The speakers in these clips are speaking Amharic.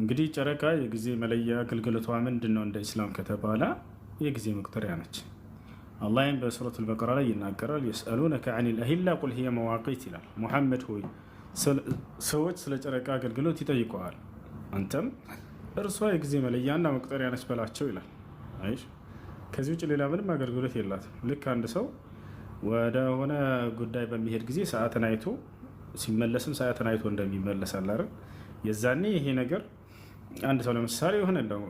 እንግዲህ ጨረቃ የጊዜ መለያ አገልግሎቷ ምንድን ነው እንደ ኢስላም ከተባለ የጊዜ መቁጠሪያ ነች። አላህም በሱረት በቀራ ላይ ይናገራል። የስአሉነከ አኒል አሂላ ቁል ሂየ መዋቂት ይላል። ሙሐመድ ሆይ ሰዎች ስለ ጨረቃ አገልግሎት ይጠይቀዋል፣ አንተም እርሷ የጊዜ መለያና መቁጠሪያ ነች በላቸው ይላል። ከዚህ ውጭ ሌላ ምንም አገልግሎት የላትም። ልክ አንድ ሰው ወደሆነ ጉዳይ በሚሄድ ጊዜ ሰዓትን አይቶ ሲመለስም ሰዓትን አይቶ እንደሚመለስ አለ የዛኔ ይሄ ነገር አንድ ሰው ለምሳሌ የሆነ እንደው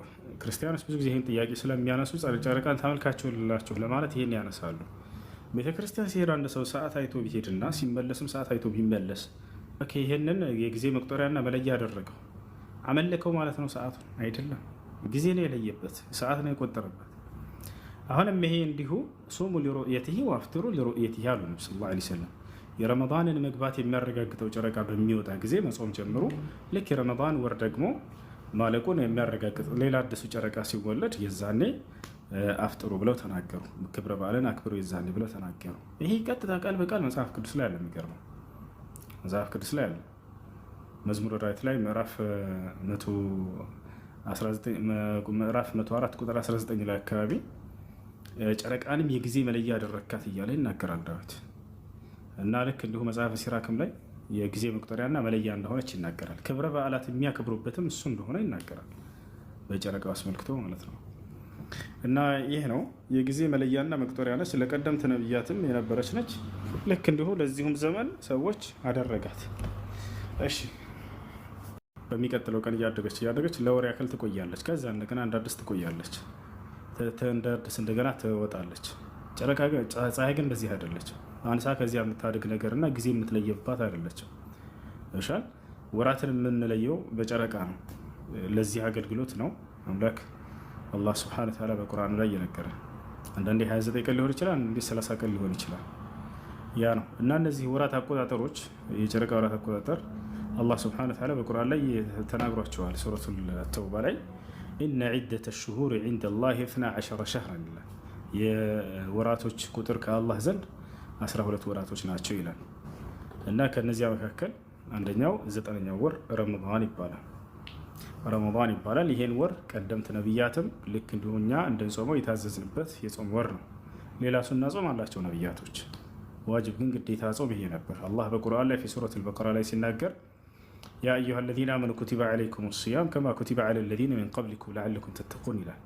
ክርስቲያኖች ብዙ ጊዜ ይህን ጥያቄ ስለሚያነሱ ጨረቃን ታመልካችሁላችሁ ለማለት ይሄን ያነሳሉ። ቤተክርስቲያን ሲሄድ አንድ ሰው ሰዓት አይቶ ቢሄድና ሲመለስም ሰዓት አይቶ ቢመለስ ይህንን የጊዜ መቁጠሪያና መለያ አደረገው አመለከው ማለት ነው። ሰዓቱን አይደለም ጊዜ ነው የለየበት፣ ሰዓት ነው የቆጠረበት። አሁንም ይሄ እንዲሁ ሱሙ ሊሩእየትሂ ወአፍጢሩ ሊሩእየትሂ አሉ ነብ ስ ላ ሰለም የረመዳንን መግባት የሚያረጋግጠው ጨረቃ በሚወጣ ጊዜ መጾም ጀምሩ። ልክ የረመዳን ወር ደግሞ ማለቁን የሚያረጋግጥ ሌላ አዲሱ ጨረቃ ሲወለድ የዛኔ አፍጥሩ ብለው ተናገሩ። ክብረ በዓልን አክብሩ የዛኔ ብለው ተናገሩ። ይሄ ቀጥታ ቃል በቃል መጽሐፍ ቅዱስ ላይ አለ። ነው። መጽሐፍ ቅዱስ ላይ ያለ መዝሙር ዳዊት ላይ ምዕራፍ 104 ቁጥር 19 ላይ አካባቢ ጨረቃንም የጊዜ መለያ አደረካት እያለ ይናገራል ዳዊት። እና ልክ እንዲሁ መጽሐፈ ሲራክም ላይ የጊዜ መቁጠሪያና መለያ እንደሆነች ይናገራል። ክብረ በዓላት የሚያከብሩበትም እሱ እንደሆነ ይናገራል። በጨረቃው አስመልክቶ ማለት ነው። እና ይህ ነው የጊዜ መለያና መቁጠሪያ ነች። ለቀደምት ነብያትም የነበረች ነች። ልክ እንዲሁ ለዚሁም ዘመን ሰዎች አደረጋት። እሺ፣ በሚቀጥለው ቀን እያደገች እያደገች ለወር ያክል ትቆያለች። ከዛ እንደገና እንዳድስ ትቆያለች። እንዳድስ እንደገና ትወጣለች። ጨረቃ ፀሐይ ግን እንደዚህ አይደለችም። አንሳ ከዚያ የምታድግ ነገርና ጊዜ የምትለየባት አይደለችም። እሻል ወራትን የምንለየው በጨረቃ ነው። ለዚህ አገልግሎት ነው አምላክ አላህ ስብሐነሁ ወተዓላ በቁርአኑ ላይ እየነገረ አንዳንዴ 29 ቀን ሊሆን ይችላል፣ አንዳንዴ 30 ቀን ሊሆን ይችላል። ያ ነው እና እነዚህ ወራት አቆጣጠሮች የጨረቃ ወራት አቆጣጠር አላህ ስብሐነሁ ወተዓላ በቁርአን ላይ ተናግሯቸዋል። ሱረቱል ተውባ ላይ ኢነ ዒደተ ሽሁር ዒንደላሂ ኢስና ዐሸረ ሸህረን ይላል የወራቶች ቁጥር ከአላህ ዘንድ 12 ወራቶች ናቸው ይላል እና ከነዚያ መካከል አንደኛው ዘጠነኛው ወር ረመዳን ይባላል ረመዳን ይባላል። ይሄን ወር ቀደምት ነቢያትም ልክ እንዲሁ እኛ እንድንጾመው የታዘዝንበት የጾም ወር ነው። ሌላ ሱና ጾም አላቸው ነቢያቶች፣ ዋጅብ ግን ግዴታ ጾም ይሄ ነበር። አላህ በቁርአን ላይ ሱረት አልበቀራ ላይ ሲናገር ያ አዩሃ አለዚነ አመኑ ኩቲበ ዓለይኩም ሲያም ከማ ኩቲበ ዓላ አለዚነ ሚን ቀብሊኩም ለዓለኩም ተተቁን ይላል።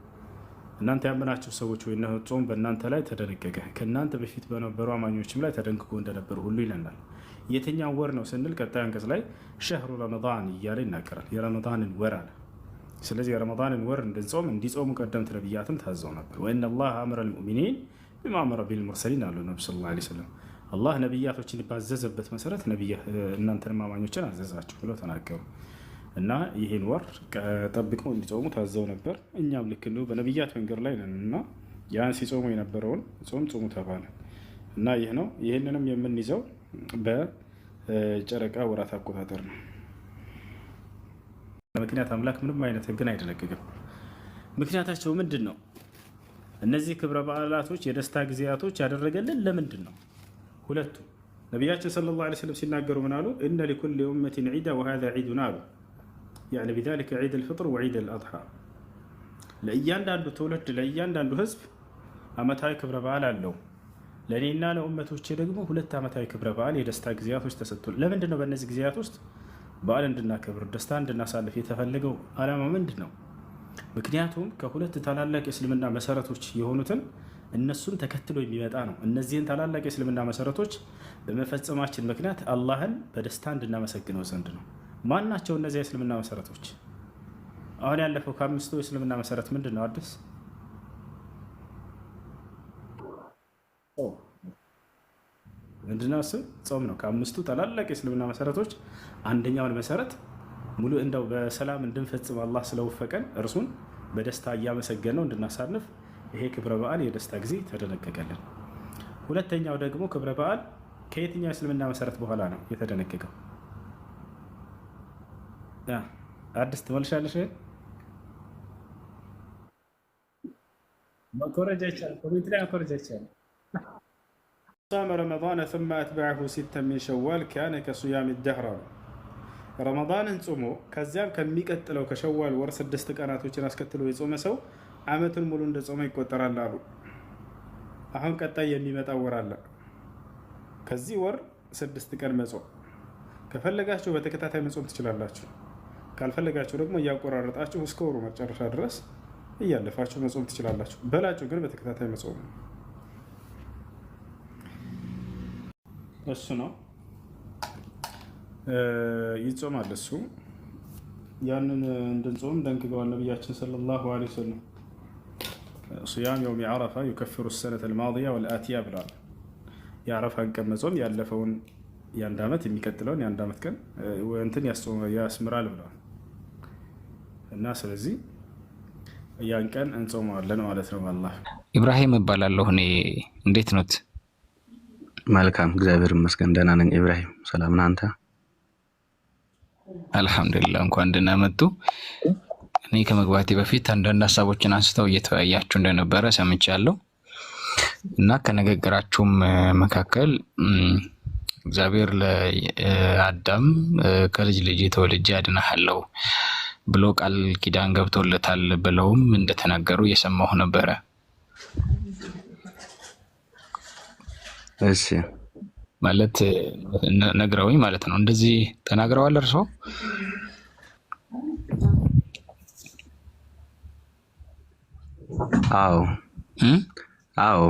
እናንተ ያመናችሁ ሰዎች ወይ ነጾም በእናንተ ላይ ተደነገገ ከእናንተ በፊት በነበሩ አማኞችም ላይ ተደንግጎ እንደነበር ሁሉ ይለናል። የትኛው ወር ነው ስንል ቀጣይ አንቀጽ ላይ ሸህሩ ረመዳን እያለ ይናገራል። የረመዳንን ወር አለ። ስለዚህ የረመዳንን ወር እንድንጾም እንዲጾሙ ቀደምት ነብያትም ታዘው ነበር። ወኢነ ላህ አምረ ልሙእሚኒን ቢማ አመረ ቢል ሙርሰሊን አሉ ነብ ስለ ላ ስለም አላህ ነቢያቶችን ባዘዘበት መሰረት እናንተን አማኞችን አዘዛችሁ ብለው ተናገሩ። እና ይህን ወር ጠብቀው እንዲጾሙ ታዘው ነበር። እኛም ልክ እንዲሁ በነቢያት መንገድ ላይ ነን እና ያን ሲጾሙ የነበረውን ጾም ጾሙ ተባለ እና ይህ ነው። ይህንንም የምንይዘው በጨረቃ ወራት አቆጣጠር ነው። ምክንያት አምላክ ምንም አይነት ህግን አይደነግግም። ምክንያታቸው ምንድን ነው? እነዚህ ክብረ በዓላቶች የደስታ ጊዜያቶች ያደረገልን ለምንድን ነው? ሁለቱ ነቢያችን ሰለላሁ ዓለይሂ ወሰለም ሲናገሩ ምን አሉ? እነ ሊኩል ኡመቲን ዒዳ ወሃዛ ዒዱና አሉ ያኔ ቢዛሊከ ዒድ አልፍጥር ወዒድ አልአድሓ ለእያንዳንዱ ትውልድ ለእያንዳንዱ ህዝብ አመታዊ ክብረ በዓል አለው። ለእኔና ለኡመቶቼ ደግሞ ሁለት ዓመታዊ ክብረ በዓል የደስታ ጊዜያቶች ተሰጥቶ ለምንድን ነው በእነዚህ ጊዜያት ውስጥ በዓል እንድናከብር ደስታ እንድናሳልፍ የተፈለገው ዓላማ ምንድን ነው? ምክንያቱም ከሁለት ታላላቅ የእስልምና መሰረቶች የሆኑትን እነሱን ተከትሎ የሚመጣ ነው። እነዚህን ታላላቅ የእስልምና መሰረቶች በመፈጸማችን ምክንያት አላህን በደስታ እንድናመሰግነው ዘንድ ነው። ማን ናቸው እነዚያ የእስልምና መሰረቶች? አሁን ያለፈው ከአምስቱ የእስልምና መሰረት ምንድን ነው አዲስ ምንድነው? እሱ ጾም ነው። ከአምስቱ ታላላቅ የእስልምና መሰረቶች አንደኛውን መሰረት ሙሉ እንደው በሰላም እንድንፈጽም አላህ ስለወፈቀን እርሱን በደስታ እያመሰገን ነው እንድናሳልፍ ይሄ ክብረ በዓል የደስታ ጊዜ ተደነገገልን። ሁለተኛው ደግሞ ክብረ በዓል ከየትኛው የእስልምና መሰረት በኋላ ነው የተደነገገው? አዲስ ትመልሻለሽ። መኮረጃ ይቻላል። رمضان ثم أتبعه ستا من شوال كان كصيام الدهر ረመዳንን ጾሞ ከዚያም ከሚቀጥለው ከሸዋል ወር ስድስት ቀናቶችን አስከትሎ የጾመ ሰው አመቱን ሙሉ እንደ ጾመ ይቆጠራል አሉ። አሁን ቀጣይ የሚመጣ ወር አለ። ከዚህ ወር ስድስት ቀን መጾም ከፈለጋችሁ በተከታታይ መጾም ትችላላችሁ። ካልፈለጋችሁ ደግሞ እያቆራረጣችሁ እስከ ወሩ መጨረሻ ድረስ እያለፋችሁ መጾም ትችላላችሁ። በላጩ ግን በተከታታይ መጾም እሱ ነው ይጾማል። እሱ ያንን እንድንጾም ደንግገዋል ነቢያችን ሰለላሁ ዐለይሂ ወሰለም ሱያም የውም የዓረፋ ዩከፍሩ ሰነት ልማዲያ ወልአትያ ብለዋል። የዓረፋን ቀን መጾም ያለፈውን የአንድ ዓመት የሚቀጥለውን የአንድ ዓመት ቀን እንትን ያስምራል ብለዋል። እና ስለዚህ ያን ቀን እንጾመዋለን ማለት ነው። አላህ ኢብራሂም እባላለሁ እኔ። እንዴት ነት መልካም እግዚአብሔር ይመስገን ደህና ነኝ። ኢብራሂም ሰላም ናንተ? አልሐምዱሊላህ። እንኳን ደህና መጡ። እኔ ከመግባቴ በፊት አንዳንድ ሀሳቦችን አንስተው እየተወያያችሁ እንደነበረ ሰምቻለሁ እና ከንግግራችሁም መካከል እግዚአብሔር ለአዳም ከልጅ ልጅ ተወልጄ አድናሃለሁ ብሎ ቃል ኪዳን ገብቶለታል ብለውም እንደተናገሩ እየሰማሁ ነበረ። እሺ ማለት ነግረውኝ ማለት ነው። እንደዚህ ተናግረዋል እርሶ? አዎ አዎ።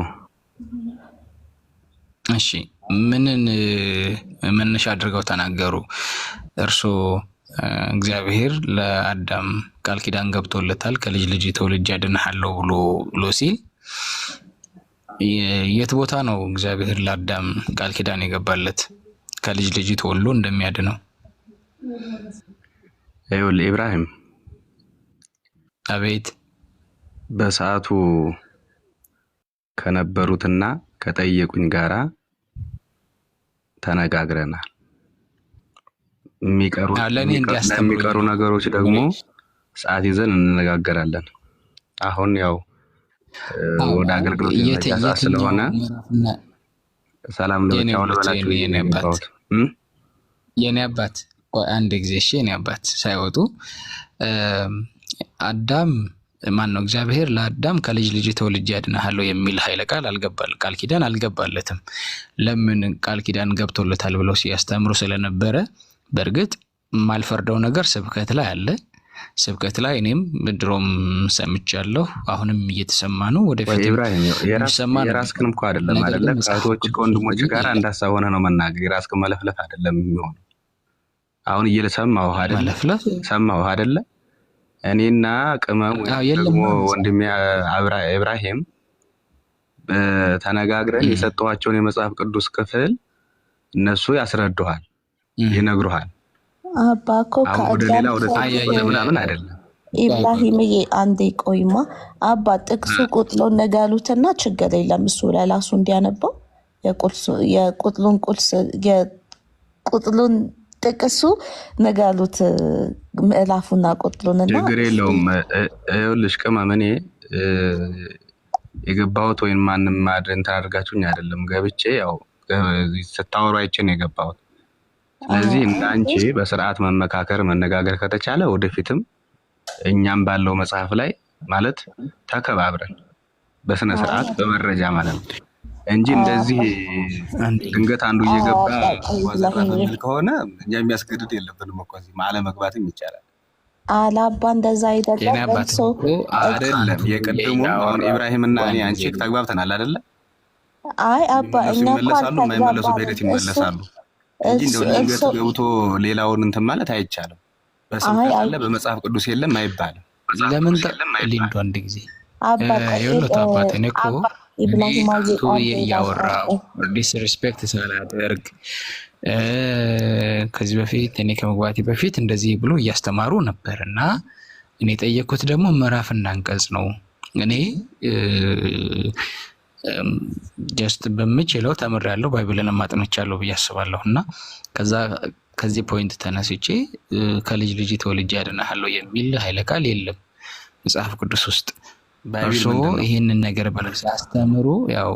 እሺ ምንን መነሻ አድርገው ተናገሩ እርሶ? እግዚአብሔር ለአዳም ቃል ኪዳን ገብቶለታል። ከልጅ ልጅ ትውልጅ ያድንሃለሁ ብሎ ብሎ ሲል የት ቦታ ነው እግዚአብሔር ለአዳም ቃል ኪዳን የገባለት ከልጅ ልጅ ተወልዶ እንደሚያድነው? ይኸውልህ ኢብራሂም፣ አቤት በሰዓቱ ከነበሩትና ከጠየቁኝ ጋራ ተነጋግረናል። የሚቀሩ ነገሮች ደግሞ ሰዓት ይዘን እንነጋገራለን። አሁን ያው ወደ አገልግሎት ስለሆነ ሰላም ለብቻ የኔ አባት አንድ ጊዜ እሺ፣ የኔ አባት ሳይወጡ አዳም ማን ነው? እግዚአብሔር ለአዳም ከልጅ ልጅ ተወልጅ አድናሃለሁ የሚል ኃይለ ቃል አልገባል ቃል ኪዳን አልገባለትም። ለምን ቃል ኪዳን ገብቶለታል ብለው ሲያስተምሩ ስለነበረ በእርግጥ የማልፈርደው ነገር ስብከት ላይ አለ። ስብከት ላይ እኔም ድሮም ሰምቻለሁ፣ አሁንም እየተሰማ ነው። ወደፊት የራስክን እኮ አይደለም አይደለም ከእህቶች ከወንድሞች ጋር እንዳሳብ ሆነ ነው መናገር። የራስክን መለፍለፍ አይደለም የሚሆነው። አሁን እየሰማሁህ አይደለ? ሰማሁህ አይደለ? እኔና ቅመም ደግሞ ወንድሜ ኢብራሂም ተነጋግረን የሰጠኋቸውን የመጽሐፍ ቅዱስ ክፍል እነሱ ያስረዱሃል ይነግሩሃል። አባ እኮ ወደ ሌላ ወደ ኢብራሂምዬ አንዴ ቆይማ አባ ጥቅሱ ቁጥሎን ነጋሉትና ያሉትና ችግር የለም እሱ ለላሱ እንዲያነበው የቁጥሉን ቁልስ የቁጥሉን ጥቅሱ ነጋሉት ምዕላፉና ቁጥሉንና ችግር የለውም። ይኸውልሽ ቅመም እኔ የገባሁት ወይም ማንም ማድረን ታደርጋችሁኝ አይደለም። ገብቼ ያው ስታወሩ አይቼ ነው የገባሁት ስለዚህ እንደ አንቺ በስርዓት መመካከር መነጋገር ከተቻለ ወደፊትም እኛም ባለው መጽሐፍ ላይ ማለት ተከባብረን በስነ ስርዓት በመረጃ ማለት ነው እንጂ እንደዚህ ድንገት አንዱ እየገባ ዋዘራፈሚል ከሆነ እኛ የሚያስገድድ የለብንም እኮ እዚህ አለመግባትም ይቻላል። አላባ እንደዛ አይደለም አይደለም። የቅድሙ አሁን ኢብራሂምና እኔ አንቺ ተግባብተናል አይደለም? አይ አባ እኛ እኮ ይመለሳሉ በሂደት ይመለሳሉ እንጂ እንደው ድንገት ገብቶ ሌላውን እንትን ማለት አይቻልም። በስብከት ካለ በመጽሐፍ ቅዱስ የለም አይባልም። ለምን ሊንዱ አንድ ጊዜ የሁለት አባት እኔ እኮ ቱ እያወራው ዲስሪስፔክት ሳላደርግ ከዚህ በፊት እኔ ከመግባቴ በፊት እንደዚህ ብሎ እያስተማሩ ነበር እና እኔ የጠየኩት ደግሞ ምዕራፍና እናንቀጽ ነው እኔ ጀስት በምችለው ተምሬያለሁ፣ ባይብልን አጥንቻለሁ ብዬ አስባለሁ እና ከዛ ከዚህ ፖይንት ተነስቼ ከልጅ ልጅ ተወልጄ ያድናሃለሁ የሚል ኃይለ ቃል የለም መጽሐፍ ቅዱስ ውስጥ። እርሶ ይህንን ነገር በለብ ሲያስተምሩ ያው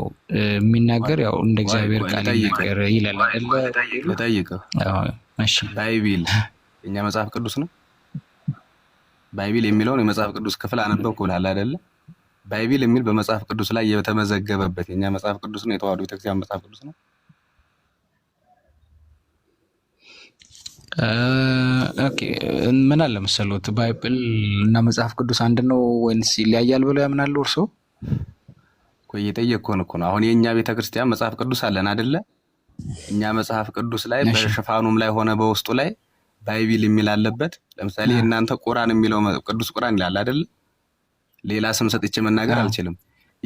የሚናገር ያው እንደ እግዚአብሔር ቃል ነገር ይላል አይደለ? ባይቢል መጽሐፍ ቅዱስ ነው። ባይቢል የሚለውን የመጽሐፍ ቅዱስ ክፍል ብላል አይደለም። ባይቢል የሚል በመጽሐፍ ቅዱስ ላይ የተመዘገበበት የኛ መጽሐፍ ቅዱስ ነው። የተዋሕዶ ቤተክርስቲያን መጽሐፍ ቅዱስ ነው። ኦኬ ምን አለ መሰሎት፣ ባይብል እና መጽሐፍ ቅዱስ አንድ ነው ወይንስ ይለያያል ብለው ያምናሉ እርስዎ? ቆይ እየጠየቅኩህን እኮ ነው። አሁን የእኛ ቤተክርስቲያን መጽሐፍ ቅዱስ አለን አደለ? እኛ መጽሐፍ ቅዱስ ላይ በሽፋኑም ላይ ሆነ በውስጡ ላይ ባይብል የሚል አለበት። ለምሳሌ እናንተ ቁራን የሚለው ቅዱስ ቁራን ይላል አደለ? ሌላ ስም ሰጥቼ መናገር አልችልም።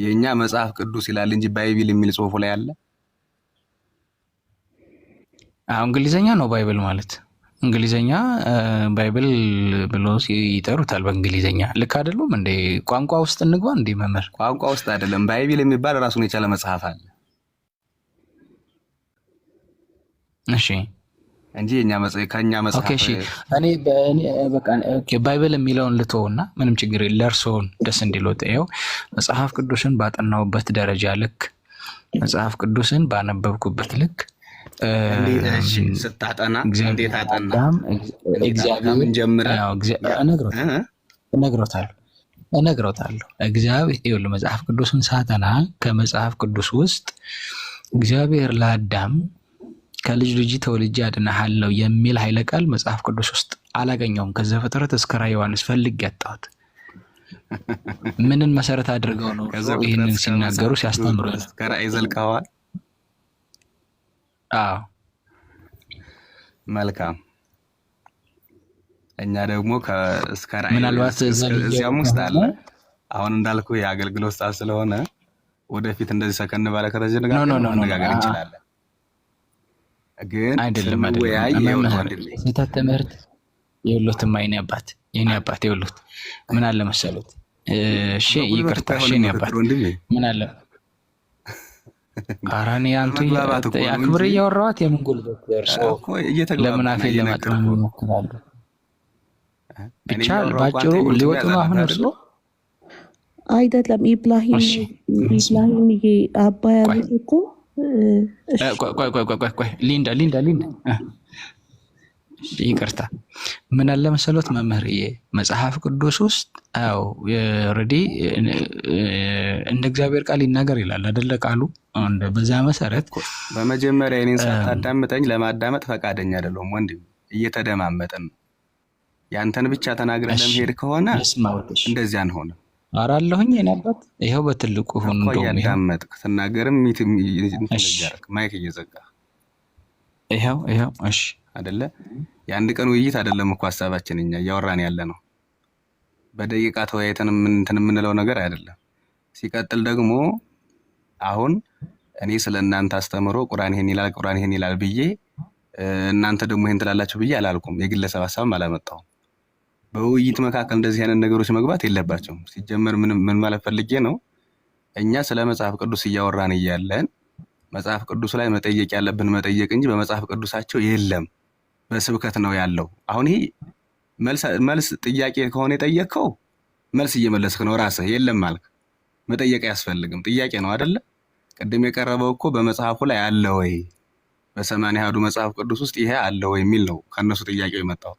የእኛ መጽሐፍ ቅዱስ ይላል እንጂ ባይብል የሚል ጽሁፉ ላይ አለ። እንግሊዘኛ ነው ባይብል ማለት እንግሊዘኛ ባይብል ብሎ ይጠሩታል። በእንግሊዘኛ ልክ አይደሉም እንዴ? ቋንቋ ውስጥ እንግባ እንዴ? መምህር ቋንቋ ውስጥ አይደለም። ባይብል የሚባል ራሱን የቻለ መጽሐፍ አለ። እሺ እንጂ እኛ ከኛ መጽሐፍ እኔ ባይብል የሚለውን ልትሆና ምንም ችግር ለእርስዎን ደስ እንዲሎት ይኸው መጽሐፍ ቅዱስን ባጠናውበት ደረጃ ልክ መጽሐፍ ቅዱስን ባነበብኩበት ልክ ስታጠና እንዴት አጠና እነግሮታለሁ እነግሮታለሁ እግዚአብሔር መጽሐፍ ቅዱስን ሳጠና ከመጽሐፍ ቅዱስ ውስጥ እግዚአብሔር ለአዳም ከልጅ ልጅ ተወልጄ አድናሃለሁ የሚል ኃይለ ቃል መጽሐፍ ቅዱስ ውስጥ አላገኘውም። ከዘፍጥረት እስከ ራዕየ ዮሐንስ ፈልጌ ያጣሁት ምንን መሰረት አድርገው ነው ይህንን ሲናገሩ ሲያስተምሩ? ከራዕይ ዘልቀዋል። አዎ መልካም። እኛ ደግሞ እስከ ራዕይ ምናልባት እዚያም ውስጥ አለ። አሁን እንዳልኩ የአገልግሎት ሰዓት ስለሆነ ወደፊት እንደዚህ ሰከን ባለ ከተጀ ነጋገር እንችላለን። ግን አይደለም ስህተት ትምህርት የሎትም አይኔ አባት የኔ አባት የሎት ምን አለ መሰሉት እሺ ይቅርታ እሺ የኔ አባት ምን አለ ኧረ እኔ አንቱ አክብር እያወራኋት የምን ጉልበት ለምን ለማጥመም ይሞክራሉ ብቻ ባጭሩ ሊወጡ ነው አሁን እርሶ አይደለም ኢብራሂም ኢብራሂም አባ ያሉት እኮ ቆይ ቆይ ቆይ ቆይ ሊንዳ ሊንዳ ሊንዳ ይቅርታ፣ ምን አለ መሰሎት መምህር መጽሐፍ ቅዱስ ውስጥ አዎ ኦልሬዲ እንደ እግዚአብሔር ቃል ይናገር ይላል አደለ? ቃሉ በዛ መሰረት በመጀመሪያ የኔን ሳታዳምጠኝ ለማዳመጥ ፈቃደኛ አይደለሁም ወንድም፣ እየተደማመጥን ያንተን ብቻ ተናግረን ለመሄድ ከሆነ እንደዚያ እንሆነ አራለሁኝ የናባት ይኸው በትልቁ ሁን እያዳመጥክ ስናገርም ማይክ እየዘጋ ይኸው ይኸው። እሺ አደለ የአንድ ቀን ውይይት አደለም እኮ ሀሳባችን እኛ እያወራን ያለ ነው። በደቂቃ ተወያይተን እንትን የምንለው ነገር አይደለም። ሲቀጥል ደግሞ አሁን እኔ ስለ እናንተ አስተምሮ ቁራን ይሄን ይላል ቁርአን ይሄን ይላል ብዬ እናንተ ደግሞ ይሄን ትላላችሁ ብዬ አላልኩም። የግለሰብ ሀሳብም አላመጣሁም። በውይይት መካከል እንደዚህ አይነት ነገሮች መግባት የለባቸውም። ሲጀመር ምን ማለት ፈልጌ ነው? እኛ ስለ መጽሐፍ ቅዱስ እያወራን እያለን መጽሐፍ ቅዱስ ላይ መጠየቅ ያለብን መጠየቅ እንጂ በመጽሐፍ ቅዱሳቸው የለም በስብከት ነው ያለው። አሁን ይሄ መልስ ጥያቄ ከሆነ የጠየቅከው መልስ እየመለስክ ነው ራስህ። የለም አልክ፣ መጠየቅ አያስፈልግም። ጥያቄ ነው አደለ? ቅድም የቀረበው እኮ በመጽሐፉ ላይ አለ ወይ በሰማንያ አሐዱ መጽሐፍ ቅዱስ ውስጥ ይሄ አለ ወይ የሚል ነው ከእነሱ ጥያቄው የመጣው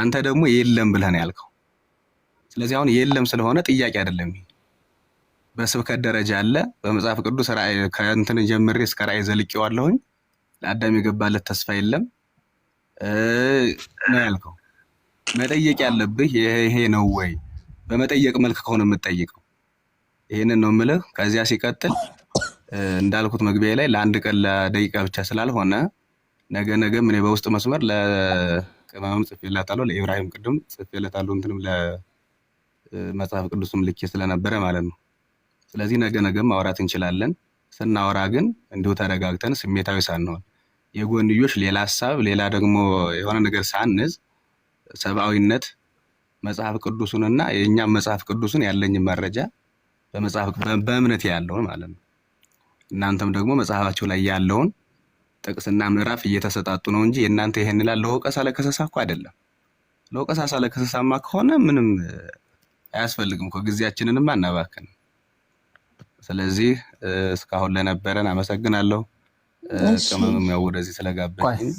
አንተ ደግሞ የለም ብለህ ነው ያልከው። ስለዚህ አሁን የለም ስለሆነ ጥያቄ አይደለም። በስብከት ደረጃ አለ። በመጽሐፍ ቅዱስ ከእንትን ጀምሬ እስከ ራእይ ዘልቄዋለሁኝ። ለአዳም የገባለት ተስፋ የለም ነው ያልከው። መጠየቅ ያለብህ ይሄ ነው ወይ? በመጠየቅ መልክ ከሆነ የምጠይቀው ይህንን ነው የምልህ። ከዚያ ሲቀጥል እንዳልኩት መግቢያ ላይ ለአንድ ቀን ለደቂቃ ብቻ ስላልሆነ ነገ ነገ ምን በውስጥ መስመር ቅመምም ጽፌላታለሁ፣ ለኢብራሂም ቅድም ጽፌላታለሁ፣ እንትንም ለመጽሐፍ ቅዱስም ልኬ ስለነበረ ማለት ነው። ስለዚህ ነገ ነገም ማውራት እንችላለን። ስናወራ ግን እንዲሁ ተረጋግተን ስሜታዊ ሳንሆን የጎንዮሽ ሌላ ሀሳብ ሌላ ደግሞ የሆነ ነገር ሳንዝ ሰብአዊነት መጽሐፍ ቅዱሱንና የእኛም መጽሐፍ ቅዱሱን ያለኝን መረጃ በእምነት ያለውን ማለት ነው። እናንተም ደግሞ መጽሐፋቸው ላይ ያለውን ጥቅስና ምዕራፍ እየተሰጣጡ ነው እንጂ የእናንተ ይሄን ላል ለወቀሳ ለከሰሳ እኮ አይደለም። ለወቀሳ ለከሰሳማ ከሆነ ምንም አያስፈልግም እኮ ጊዜያችንንም አናባክን። ስለዚህ እስካሁን ለነበረን አመሰግናለሁ። ቅመምም ያው ወደዚህ ስለጋበዝኝ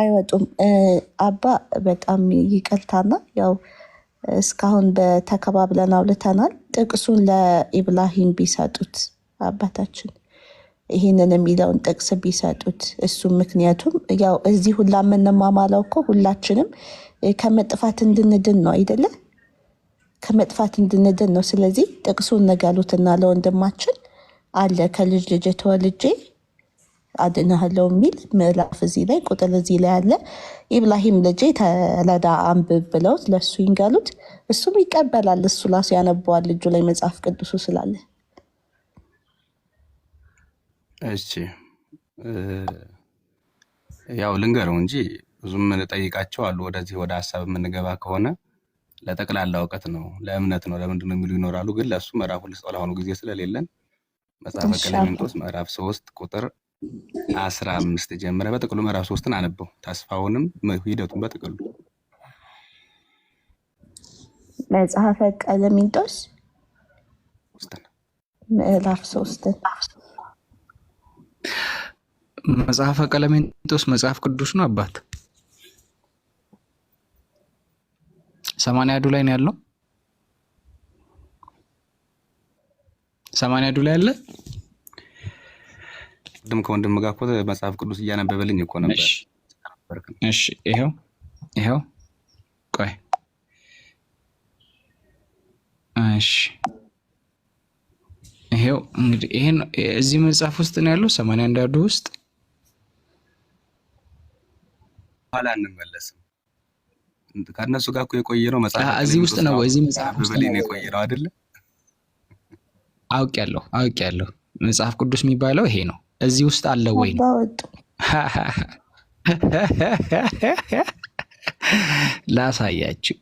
አይወጡም አባ በጣም ይቅርታና ያው እስካሁን በተከባብለን አውልተናል። ጥቅሱን ለኢብላሂም ቢሰጡት አባታችን ይህንን የሚለውን ጥቅስ ቢሰጡት እሱ ምክንያቱም ያው እዚህ ሁላ የምንማማለው እኮ ሁላችንም ከመጥፋት እንድንድን ነው አይደለ? ከመጥፋት እንድንድን ነው። ስለዚህ ጥቅሱን ንገሩትና ለወንድማችን አለ ከልጅ ልጅ ተወልጄ አድንሃለው የሚል ምዕራፍ እዚህ ላይ ቁጥር እዚህ ላይ አለ። ኢብራሂም ልጄ ተረዳ አንብብ ብለው ለእሱ ይንገሩት፣ እሱም ይቀበላል። እሱ ላሱ ያነበዋል ልጁ ላይ መጽሐፍ ቅዱሱ ስላለ እሺ ያው ልንገረው እንጂ ብዙ የምንጠይቃቸው አሉ። ወደዚህ ወደ ሀሳብ የምንገባ ከሆነ ለጠቅላላ እውቀት ነው፣ ለእምነት ነው፣ ለምንድን ነው የሚሉ ይኖራሉ። ግን ለእሱ ምዕራፍ ልስጠው ለአሁኑ ጊዜ ስለሌለን መጽሐፈ ቀሌምንጦስ ምዕራፍ ሶስት ቁጥር አስራ አምስት ጀምረ በጥቅሉ ምዕራፍ ሶስትን አነበው ተስፋውንም ሂደቱን በጥቅሉ መጽሐፈ ቀሌምንጦስ ምዕራፍ ሶስትን መጽሐፈ ቀለሜንጦስ መጽሐፍ ቅዱስ ነው አባት። ሰማንያ ዱ ላይ ነው ያለው። ሰማንያ ዱ ላይ አለ። ቅድም ከወንድም ጋር እኮ መጽሐፍ ቅዱስ እያነበበልኝ እኮ ነበር። እሺ ይኸው ይኸው፣ ቆይ እሺ ይሄው እንግዲህ ይሄን እዚህ መጽሐፍ ውስጥ ነው ያለው ሰማንያ አንዳንዱ ውስጥ በኋላ አንመለስም። ከእነሱ ጋር እኮ የቆየ ነው መጽሐፍ እዚህ ውስጥ ነው እዚህ መጽሐፍ ውስጥ ነው የቆየ ነው አይደለ? አውቅ ያለሁ መጽሐፍ ቅዱስ የሚባለው ይሄ ነው። እዚህ ውስጥ አለ ወይ ነው ላሳያችሁ